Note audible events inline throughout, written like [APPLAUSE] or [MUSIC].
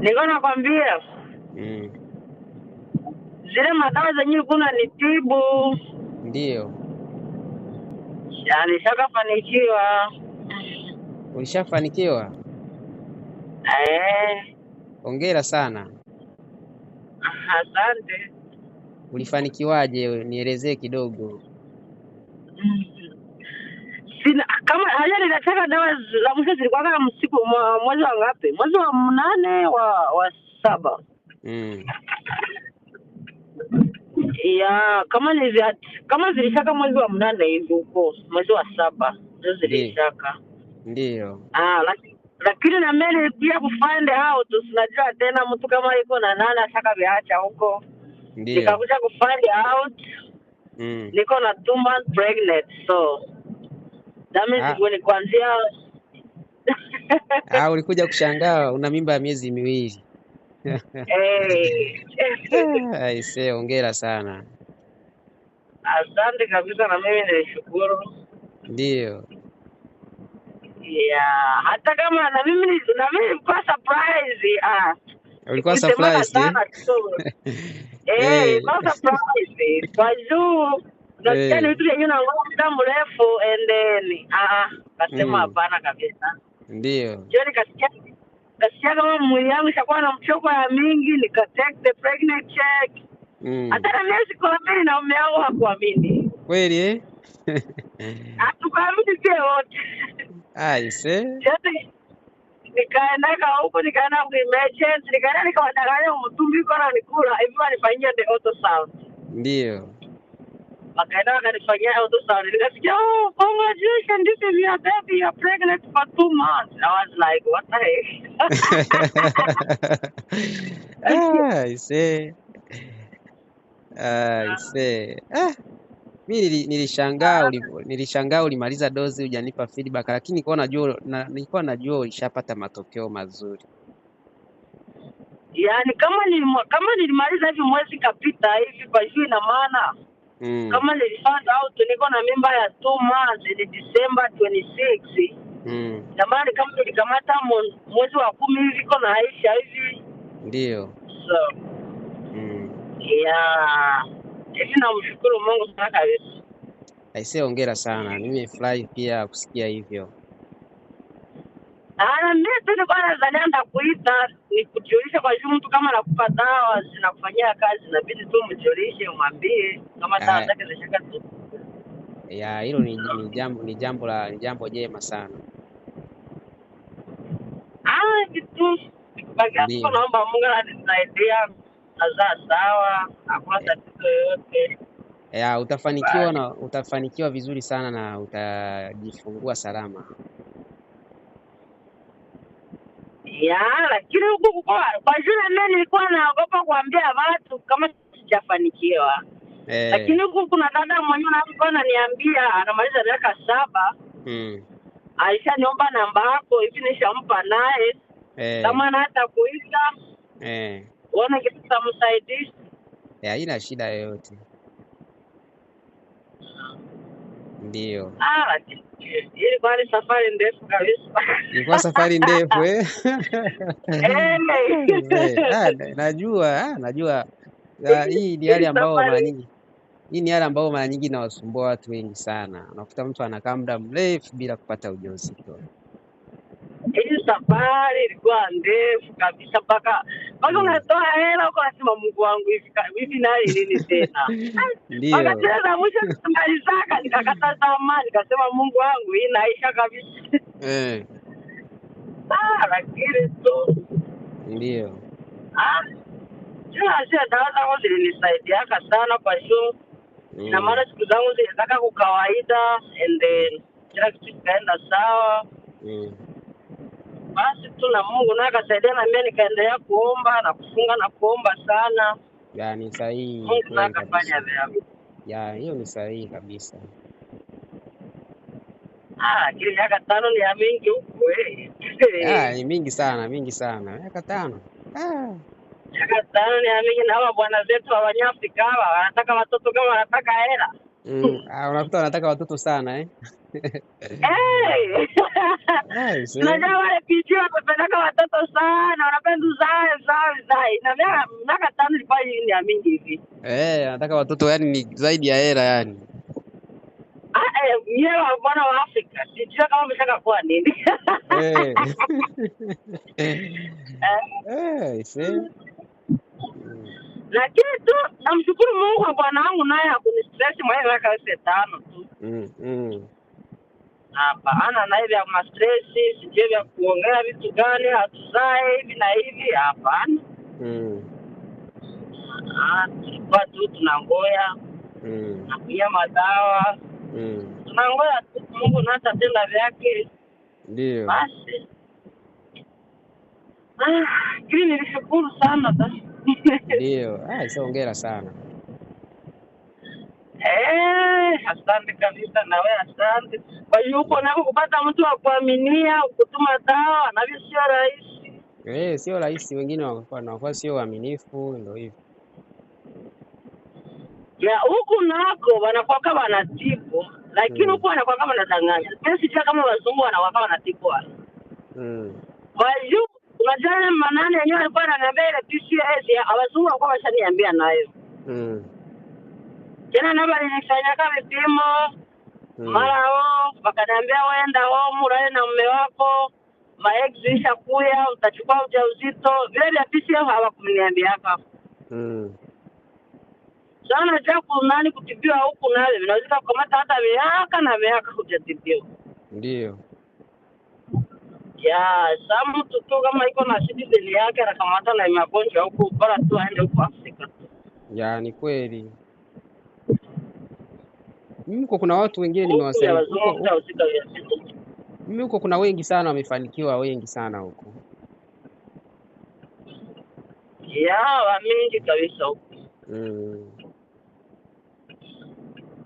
nilikuwa nakwambia mm. zile madawa zenyewe kuna nitibu ndio nishakafanikiwa. Ulishafanikiwa? Eh. Hongera sana. Asante. Ulifanikiwaje? Nielezee kidogo. Sina, kama haja ninataka dawa za mwisho zilikuwa msiku mwezi wa ngapi? Mwezi wa mnane wa wa saba. Mm. Ya, kama nizi, kama zilishaka mwezi wa mnane hivi huko, mwezi wa saba ndio zilishaka. Ndio. Ah, lakini lakini na mimi pia kufind out, sinajua tena mtu kama yuko na nana ataka viacha huko. Ndio. Nikakuja kufind out. Mm. Niko na two months pregnant so nami ah. kuanzia Ah, ulikuja kushangaa una mimba ya miezi miwili. Eh. Aisee, hongera sana. Asante kabisa, na mimi nilishukuru. ndiyo Yeah, hata kama na mimi na mimi nilikuwa surprise. Ah. Ulikuwa surprise. Eh? [LAUGHS] eh, hey. surprise. Kwa juu Hey. Unajua vitu vyenyewe naongoza muda mrefu and then ah kasema ah, mm. hapana kabisa. Ndio. Ndio nikasikia nikasikia kama mwili yangu ishakuwa na mchoko ya mingi, nika take the pregnant check. Mm. Hata na miezi kuamini na mume wangu hakuamini. Kweli eh? [LAUGHS] Hatukuamini pia wote. Aise. Yaani, nikaenda ka huko nikaenda ku emergency nikaenda nikawadanganya mtumbi kwa nanikula hivi wanifanyia the ultrasound. Ndio. Wakaenda wakanifanyia Nikasikia, oh, oh this is your baby, you're pregnant for two months. I was like, what the heck? [LAUGHS] ah, I see. Ah, I see. Ah. Mi nilishangaa ah. nilishangaa ulimaliza dozi hujanipa feedback, lakini nilikuwa najua na, nilikuwa najua ulishapata matokeo mazuri. Yaani kama nilimaliza kama nilimaliza hivi mwezi kapita hivi, kwa hiyo ina maana mm. kama nilifound out niko na mimba ya two months ni December 26 mm. jamani, kama nilikamata mwezi wa kumi hivi iko na Aisha hivi ndio so mm. yeah. hivi yaani namshukuru Mungu sana kabisa. Aisee, ongera sana, mimi nimefurahi pia kusikia hivyo. Ah, mimi bwana Zania ndakuita nikujulishe kwa juu, mtu kama nakupa dawa zinakufanyia kazi, inabidi tu mjulishe, umwambie kama dawa eh. zake zishaka. Ya hilo ni, ni jambo ni jambo la ni jambo jema sana. Ah, kitu naomba Mungu ananisaidia nazaa sawa, hakuna eh. tatizo yoyote. Ya utafanikiwa na utafanikiwa vizuri sana na utajifungua salama ya, lakini huku kukua kwa shule mimi nilikuwa naogopa kuambia watu kama sijafanikiwa eh. Lakini huku kuna dada mwenyewe nakuwa ananiambia anamaliza miaka saba hmm. Alishaniomba namba yako hivi nishampa naye eh. Kama na hata kuita eh. Uone kitu tamsaidishi eh, haina shida yoyote Ndio. Ah, ilikuwa ni safari ndefu kabisa. Ilikuwa safari ndefu eh? [LAUGHS] Ah, najua, ah, najua hii ni hali ambayo mara nyingi hii ni hali ambayo mara nyingi inawasumbua watu wengi sana. Unakuta mtu anakaa muda mrefu bila kupata ujauzito hii safari ilikuwa ndefu kabisa, mpaka mpaka mm. unatoa hela uko, nasema Mungu wangu, hivi hivi naye nini tena? Mpaka tena za mwisho nimalizaka, nikakata tamaa, nikasema Mungu wangu, hii naisha kabisa. Eh, [LAUGHS] ah, lakini tu ndio ah, sio dawa zangu zilinisaidiaka sana kwa sure mm. na mara siku zangu zilitaka kukawaida, and then kila kitu kikaenda sawa mm basi tu na Mungu naye akasaidia, na mimi nikaendelea kuomba na kufunga na kuomba sana. Ya, ni sahihi. Mungu naye akafanya vyema. Ya, hiyo ni sahihi kabisa. Ah, kile miaka tano ni ya mingi huku eh. Ah, ni mingi sana, mingi sana. Miaka tano. Ah. Miaka tano ni ya mingi na hawa bwana zetu wa Wanyafrika hawa wanataka watoto kama wanataka hela. Mm, ah, unakuta wanataka watoto sana eh. Eh? Unajua wale kichwa wanapendaka watoto sana, wanapenda uzae uzae uzae, na miaka tano ilikuwa ni ya mingi hivi. Eh, anataka watoto yani ni zaidi ya hela yani. Ah, eh, yeye wa bwana wa Afrika, sijua kama umeshaka kuwa nini. Eh. [LAUGHS] [LAUGHS] Eh, see. Lakini tu namshukuru Mungu kwa bwana wangu naye hakunistress mwenyewe miaka yote tano tu. Mm. mm ana na hivi ya mastresi sijui vya kuongea vitu gani, hatuzae hivi na hivi, hapa mm. Tulikuwa tu tunangoya mm. nakunywa madawa mm. tunangoya tu Mungu nata tenda vyake, ndio basi. Ah, kili nilishukuru sana basi. Ndio. Ah, hongera sana. Eh, asante kabisa, na wewe asante. Kwa hiyo huko nako kupata mtu wa kuaminia kutuma dawa navyo sio rahisi. Eh, sio rahisi, wengine wanakuwa sio waaminifu, ndio hivyo. Na huku nako kama wanatibu, lakini hmm. huku kama wanadanganya. Pia sijua kama wazungu kama wanatibu wale. Mm. Kwa hiyo unajua manane yenyewe alikuwa ananiambia ile PCS, wazungu wanakuwa washaniambia nayo. Mm tena naba nilikanyaka vipimo hmm. mara o wakaniambia waenda home urae na mume wako maegzisha kuya utachukua ujauzito vile vya PCM hawakumniambiaka mm. sana ja kunani kutibiwa huku navyo vinawezeka kukamata hata miaka na miaka hujatibiwa ndio ya sa mtu tu kama iko na citizen yake anakamata na magonjwa huku bora tu aende huku Afrika ya ni kweli mimi huko kuna watu wengine nimewasaidia mimi huko kuna wengi sana wamefanikiwa, wengi sana huko wa mingi kabisa huko mm.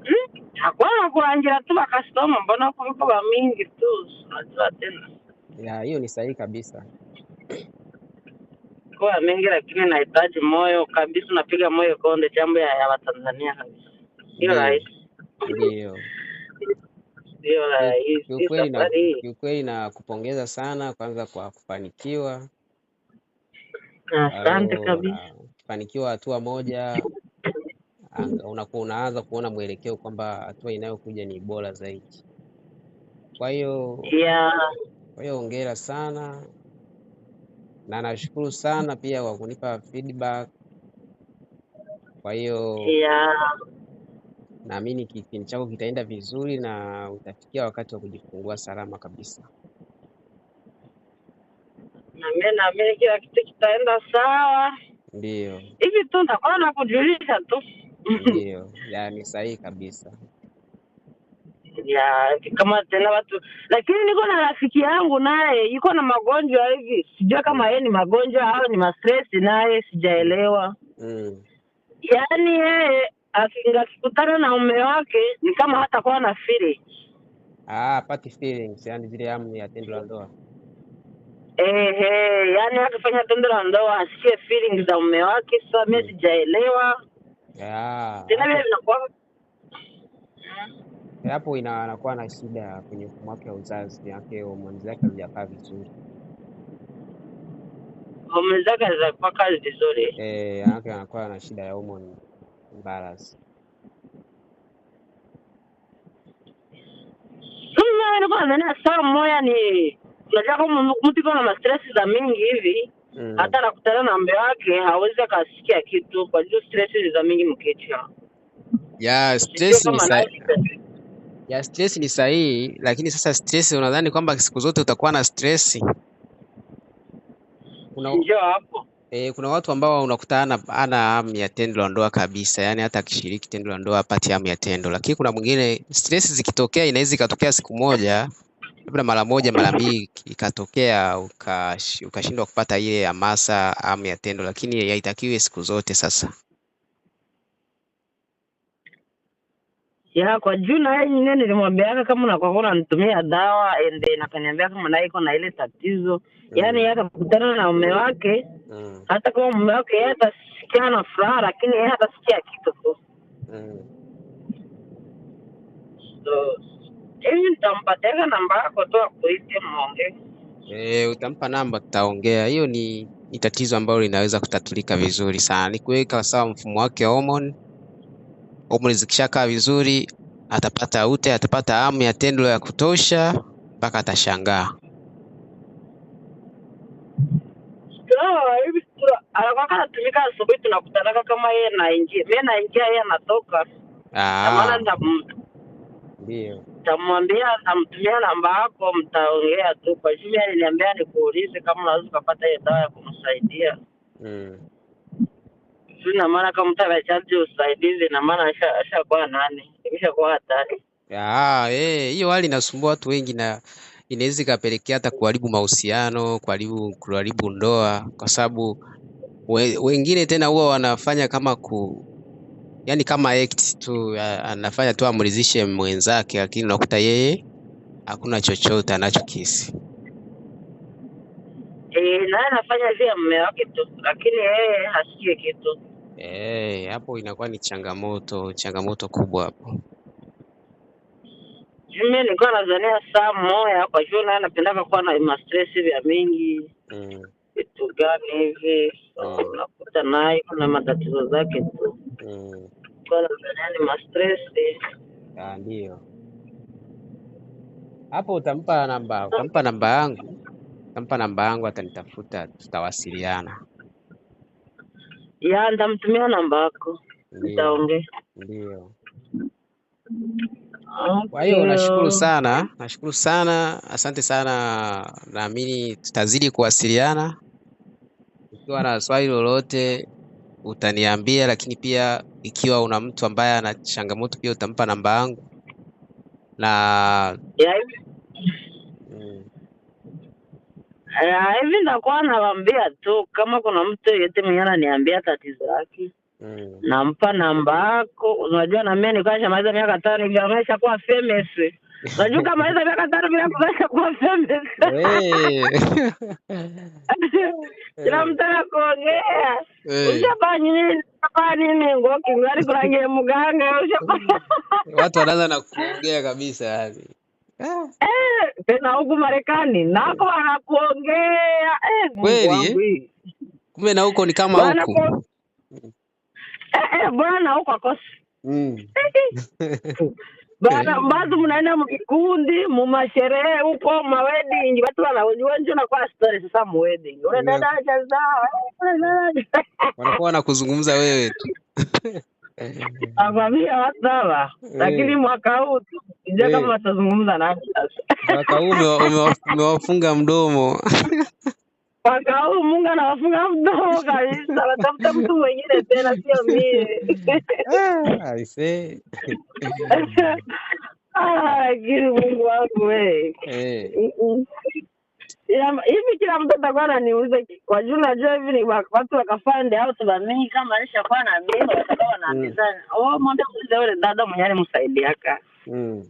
hmm? hakwana kurangira tu makastoma, mbona kuliko wa mingi tu unajua tena ya hiyo ni sahihi kabisa kwa mingi lakini nahitaji moyo kabisa unapiga moyo konde jambo ya, ya watanzania kabisa hiyo mm. rahisi ndio, ah, Na kupongeza sana kwanza kwa kufanikiwa. Asante kabisa. Ah, kufanikiwa hatua moja, unakuwa unaanza kuona mwelekeo kwamba hatua inayokuja ni bora zaidi. Kwa hiyo yeah. Kwa hiyo sana na nashukuru sana pia kwa kunipa feedback. Kwa hiyo yeah. Naamini kipindi chako kitaenda vizuri na utafikia wakati wa kujifungua salama kabisa. Nami naamini kila kitu kitaenda sawa. ndio hivi tu nitakuwa nakujulisha tu. Ndio, yaani sahihi kabisa. Ya, kama tena watu lakini niko na rafiki yangu naye iko na magonjwa hivi, sijua kama yeye ni magonjwa au ni stress, naye sijaelewa. Mm. Yaani yeye akikutana na mume wake ni kama hatakuwa na feeling. Ah, apati feelings, yani zile hamu ya tendo la ndoa. eh, eh, yani akifanya tendo la ndoa asikie feeling za mume wake. Sasa mimi mm. sijaelewa ah. tena vile vinakuwa eh, hapo ina anakuwa na shida kwenye mfumo wake wa uzazi, yake homoni zake hazijakaa vizuri, homoni zake hazijakaa vizuri, eh, yake anakuwa na shida ya homoni Badass. Kwanza na sawa moya ni unajua kama mtu iko na stress za mingi hivi mm. hata nakutana na mbe wake hawezi akasikia kitu kwa sababu stress za mingi mkicha Ya stress ni sahihi. Ya stress ni sahihi, lakini sasa stress unadhani kwamba siku zote utakuwa na stress? Una... Njoo hapo. E, kuna watu ambao unakutana ana hamu ya tendo la ndoa kabisa, yani hata akishiriki tendo la ndoa apati hamu ya tendo, lakini kuna mwingine stress zikitokea, inaweza ikatokea siku moja labda mara moja mara mbili ikatokea ukashindwa kupata ile hamasa, hamu ya tendo, lakini haitakiwi siku zote. Sasa ya kwa juu yeye nyingine nilimwambiaka kama nakwakuwa nanitumia dawa ende kaniambia kama na iko na ile tatizo mm. yaani yeye akakutana na mume wake mm. hata kama mume wake yeye atasikia na furaha lakini yeye atasikia kitu tu mm. so hivi nitampatiaka namba yako tu akuite mwonge E, eh, utampa namba, tutaongea. Hiyo ni tatizo ambalo linaweza kutatulika vizuri sana, ni kuweka sawa mfumo wake homoni homoni zikishakaa vizuri, atapata ute, atapata amu ya tendo ya kutosha mpaka atashangaa. Ah, Anakwaka anatumika asubuhi, tunakutanaka kama yeye naingia, mimi naingia, yeye anatoka. Ah. tamwambia, namtumia namba yako, mtaongea tu. Kwa jumla aliniambia nikuulize kama unaweza ukapata hiyo dawa ya kumsaidia mm na maana kama mtu amechanji usaidizi, na maana ashakuwa nani, ashakuwa hatari. Ah, eh, hiyo hali inasumbua watu wengi na inaweza ikapelekea hata kuharibu mahusiano, kuharibu kuharibu ndoa, kwa sababu we, wengine tena huwa wanafanya kama ku yani kama act tu, anafanya tu amridhishe mwenzake, lakini unakuta yeye hakuna chochote anachokisi. E, eh, naye anafanya vile mume wake tu, lakini yeye hasikii kitu. Hey, eh, hapo inakuwa ni changamoto, changamoto kubwa hapo. Mimi nilikuwa nazania saa moja kwa juu na napendaga kuwa na ma stress vya mingi mm. vitu mm. gani hivi mm. unakuta oh. naye na matatizo zake tu mm. kwa ni ma ah, ndio hapo. Utampa namba, utampa namba yangu, utampa namba yangu, atanitafuta tutawasiliana ya ndamtumia namba yako, nitaongea. Ndio. Kwa hiyo nashukuru sana, nashukuru sana, asante sana. Naamini tutazidi kuwasiliana. Ukiwa na swali lolote utaniambia, lakini pia ikiwa una mtu ambaye ana changamoto pia utampa namba yangu na yeah. Mm. Eh, hivi ndakuwa nawambia tu kama kuna mtu yeyote mwenye ananiambia tatizo yake mm. nampa namba yako unajua na mimi nilikuwa miaka tano hivi amesha kuwa famous unajua kama miaka tano bila kuwa famous eh. [LAUGHS] kila mtu anakuongea eh. ushapaa nini ushapaa nini ngoki ngari mganga [LAUGHS] watu wanaanza na kuongea kabisa yani eh. Eh, tena huku Marekani nako mm. wanakuongea eh, kweli. Kumbe na huko ni kama huku eh, eh, bwana huko akosi mm. [LAUGHS] bwana eh. bana mnaenda mkikundi mumasherehe huko mawedding watu wanajua njoo na kwa story sasa unaenda dada, zao wanakuwa wanakuzungumza wewe tu [LAUGHS] Akamwambia watawa eh. lakini mwaka huu sija eh. kama watazungumza nani sasa. Mwaka huu umewafunga mdomo. Mwaka huu Mungu anawafunga mdomo kabisa, watafuta mtu mwingine tena, sio mie. Ah, [LAUGHS] ah, lakini Mungu wangu wee eh hivi kila mtoto akuwa naniulize kwa juu, najua hivi ni watu wakafande au tunanii kama alishakuwa na bima watakaa wanaambizana mm. Oh, mwambia kuuliza yule dada mwenyewe alimsaidiaka mm.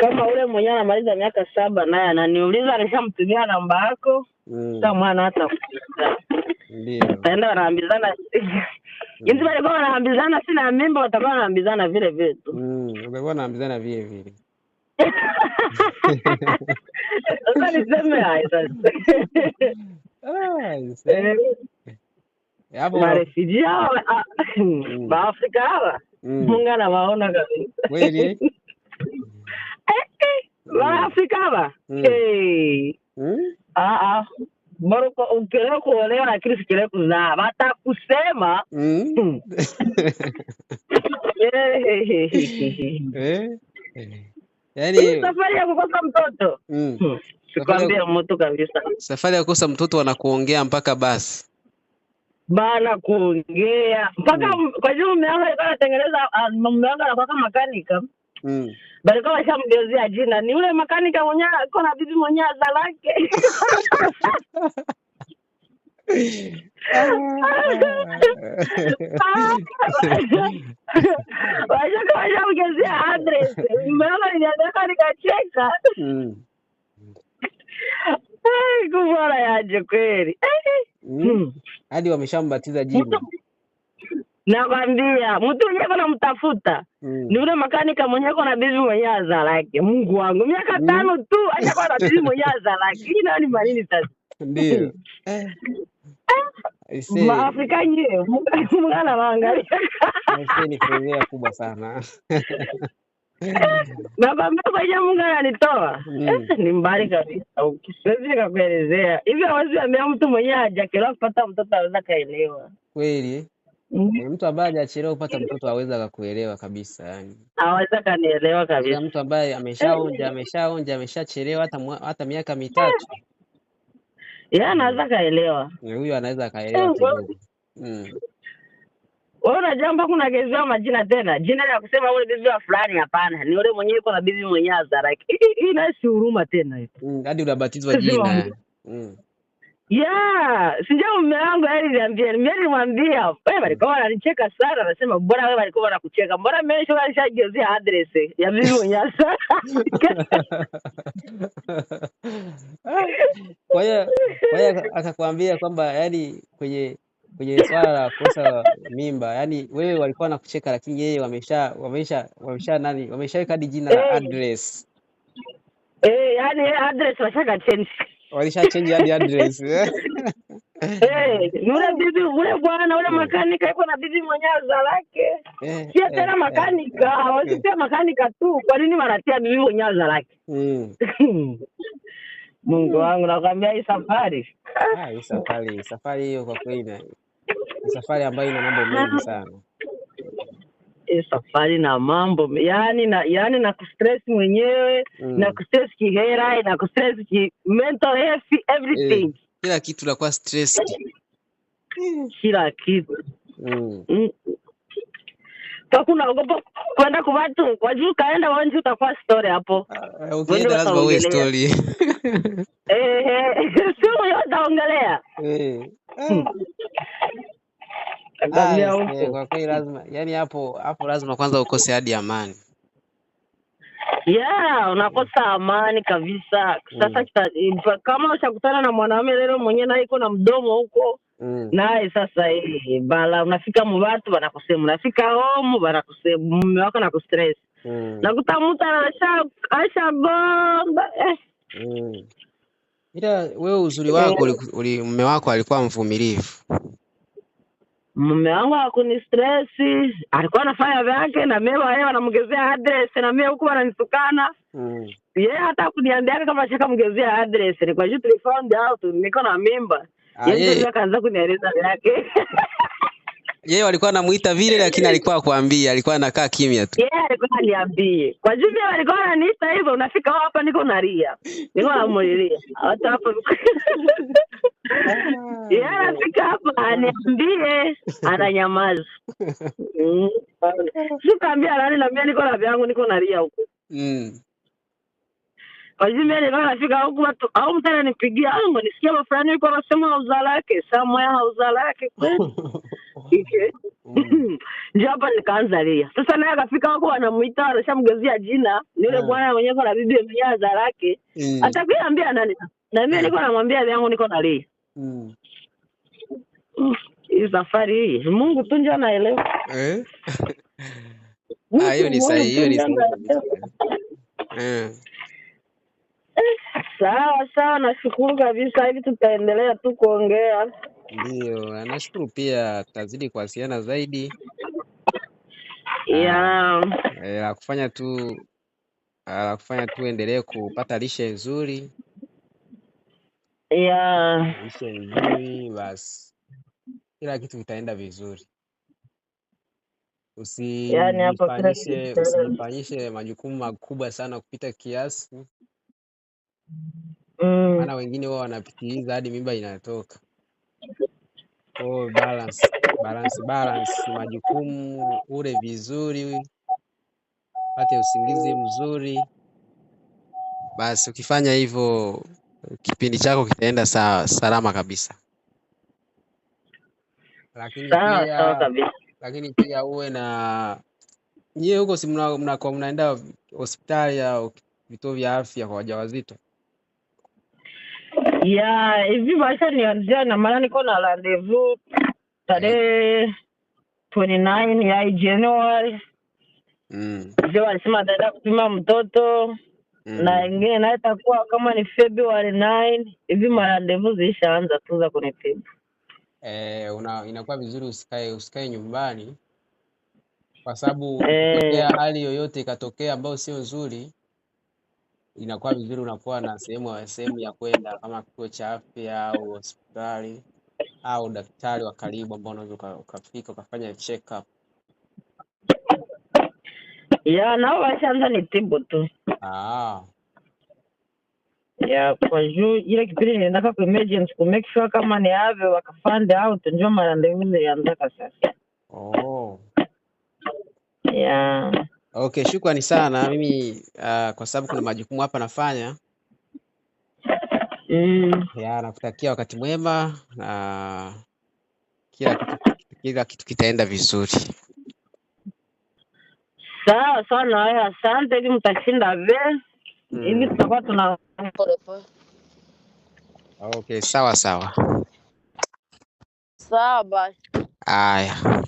kama ule mwenyewe anamaliza miaka saba naye ananiuliza alishamtumia namba yako mm. sa mwana hata ataenda wanaambizana jinsi walikuwa wanaambizana sina mimba watakuwa wanaambizana vile vile tu watakuwa wanaambizana vile vile sasa niseme haya sasa maresiji hawa baafrika hawa munga nawaona kabisa kweli hawa Moroko ukielewa kuolewa lakini usikielewe kuzaa, watakusema mm. Yaani safari ya kukosa mtoto. Mm. Sikwambia mtu kabisa. Safari ya kukosa mtoto wanakuongea mpaka basi. Bana kuongea mpaka mm. Kwa juu mume wangu alikuwa anatengeneza ah, mume wangu anakuwa kama makanika. Mm. Bali kama jina ni yule makanika mwenyewe alikuwa na bibi mwenyewe azalake. [LAUGHS] washaka washamgezea address. Mama niliandika nikacheka kubora yaje kweli hadi wameshambatiza jina. Nakwambia mtu mwenyewe anamtafuta mm. ni ule makanika mwenyewe na bibi mwenyewe azalake. Mungu wangu, miaka mm. tano tu acha kwa na bibi mwenyewe azalake. Hii nayo ni manini sasa? Ndio. [LAUGHS] Eh. Maafrika nyie [LAUGHS] mngana waangalia kubwa sana. [LAUGHS] nakwambia kwenye Mungu ananitoa mm. ni mbali kabisa, Uki- siwezi nikakuelezea hivi. Hawezi ambia mtu mwenyewe hajachelewa kupata mtoto aweza kaelewa. Kweli mm. mtu ambaye ajachelewa kupata mtoto aweza akakuelewa kabisa yani. Hawezi kanielewa kabisa mtu ambaye ameshaonja ameshaonja ameshachelewa hata miaka mitatu yeye anaweza kaelewa, huyo anaweza kaelewa eh, kidogo. Wewe mm. unajua mpaka unagezewa majina tena, jina la kusema ule bibi wa fulani. Hapana, ni ule mwenyewe iko na bibi mwenyewe azaraki, [LAUGHS] hii naye si huruma tena, mm, hadi unabatizwa jina [LAUGHS] yeah sindio mume wangu yani niambia mimi walikuwa wananicheka sana anasema mbona wewe walikuwa wanakucheka mbona ya mimi [LAUGHS] kwa hiyo kwa hiyo akakwambia kwamba yani kwenye kwenye swala la kosa mimba yani wewe walikuwa wanakucheka lakini yeye wamesha wamesha wamesha nani wameshaweka hadi jina la eh. address eh, yani address washaka change walisha change hadi address [LAUGHS] Hey, yule bibi yule bwana ule makanika yuko na bibi mwenyewe za lake. Eh, Sio tena eh, makanika, hawezi sio makanika tu. Kwa nini wanatia bibi mwenyewe za lake? Mm. [LAUGHS] Mungu wangu nakwambia hii safari. Ah, hii safari, safari hiyo kwa kweli safari ambayo ina mambo mengi sana e, safari na mambo yani na yani na kustress mwenyewe mm. na kustress kihera na kustress ki mental health everything eh, kila kitu nakuwa stress kila kitu mm. mm. kakunaogopa kwenda kwa kuvatu wajuu kaenda wanje utakuwa story hapo ah, ah, ukienda lazima uwe story siku yotaongelea [LAUGHS] [LAUGHS] eh, eh, eh, Yaani eh, kwa kweli lazima, yani hapo hapo lazima kwanza ukose hadi amani. Yeah, unakosa mm. amani kabisa. Sasa mm. kama ushakutana na mwanaume lelo mwenyewe naye iko na mdomo huko mm. naye sasa hii bala unafika muvatu banakusema unafika homu banakusema mume wako na kustress mm. nakuta mtu anasha bomba eh. mm. ila wewe uzuri wako yeah. uli, uli, mume wako alikuwa mvumilivu mume wangu akuni stresi alikuwa anafanya vyake, na mie yeye anamgezea address na mie huku ananitukana mm. yeye hata kuniambiaka kama shakamgezea address, ni kwa juu tulifound out niko na mimba, ah, akaanza kunieleza vyake [LAUGHS] yeye walikuwa anamuita vile, lakini alikuwa akuambia alikuwa anakaa kimya tu. Yeye yeah, alikuwa aniambie kwa juu mimi walikuwa ananiita hivyo, unafika hapa niko nalia, niko namulilia hata hapo [LAUGHS] yeye anafika hapa ah. aniambie, [LAUGHS] ananyamaza. [LAUGHS] Sikaambia nani, naambia niko na vyangu, niko nalia huku mm. wazimeni nafika huku watu au mtana nipigia ango nisikia mafurani iko anasema hauza lake somewhere hauza lake kweli [LAUGHS] mm. ndio hapa nikaanza lia sasa naye akafika huku anamwita anashamgezia jina ni yule ah. bwana mwenyeko na bibi mwenyewe hauza lake mm. atakwambia nani na mimi niko namwambia vyangu niko na lia Mm. hii safari hii Mungu tu ndio anaelewa eh? Ah, hiyo ni sahihi, hiyo ni sahihi. Eh. Eh, sawa sawa, nashukuru kabisa. Hivi tutaendelea tu kuongea. Ndio, anashukuru pia, tutazidi kuwasiliana zaidi ya eh, la kufanya tu la kufanya tu endelee kupata lishe nzuri yeah. vizuri nzuri, basi kila kitu kitaenda vizuri. Yani Usijifanyishe, majukumu makubwa sana kupita kiasi, mm, wengine wao wanapitiliza hadi mimba inatoka. oh, balance, balance, balance, majukumu, ule vizuri, upate usingizi mzuri. Basi ukifanya hivyo kipindi chako kitaenda sawa salama kabisa. Lakini pia, kabisa. Lakini pia uwe na nyie huko si mnakuwa mnaenda hospitali au vituo vya afya kwa wajawazito? ya hivi maisha nianzia na maana niko na rendezvous tarehe twenty nine ya Januari. Mm. Mzee alisema ataenda kupima mtoto na mm-hmm. ingine na itakuwa kama ni February 9 hivi, marandevu zishaanza tu za kunitibu. Eh, una inakuwa vizuri usikae usikae nyumbani kwa eh. sababu eh, hali yoyote ikatokea ambayo sio nzuri, inakuwa vizuri unakuwa na sehemu sehemu ya kwenda kama kituo cha afya au hospitali au daktari wa karibu ambao unaweza ukafika ukafanya check up ya nao washanza ni nitibu tu ah. ya kwa juu ile kipindi niliendaka ku emergency ku make sure kama ni ave wakafind out njo marandevu nilianzaka sasa oh. ya okay shukrani sana mimi uh, kwa sababu kuna majukumu hapa nafanya mm. ya nakutakia wakati mwema na kila kitu, kila kitu kitaenda vizuri sawa sana na wewe asante. Hivi mtashinda ve hivi, tutakuwa tuna okay, sawa sawa, sawa basi, haya.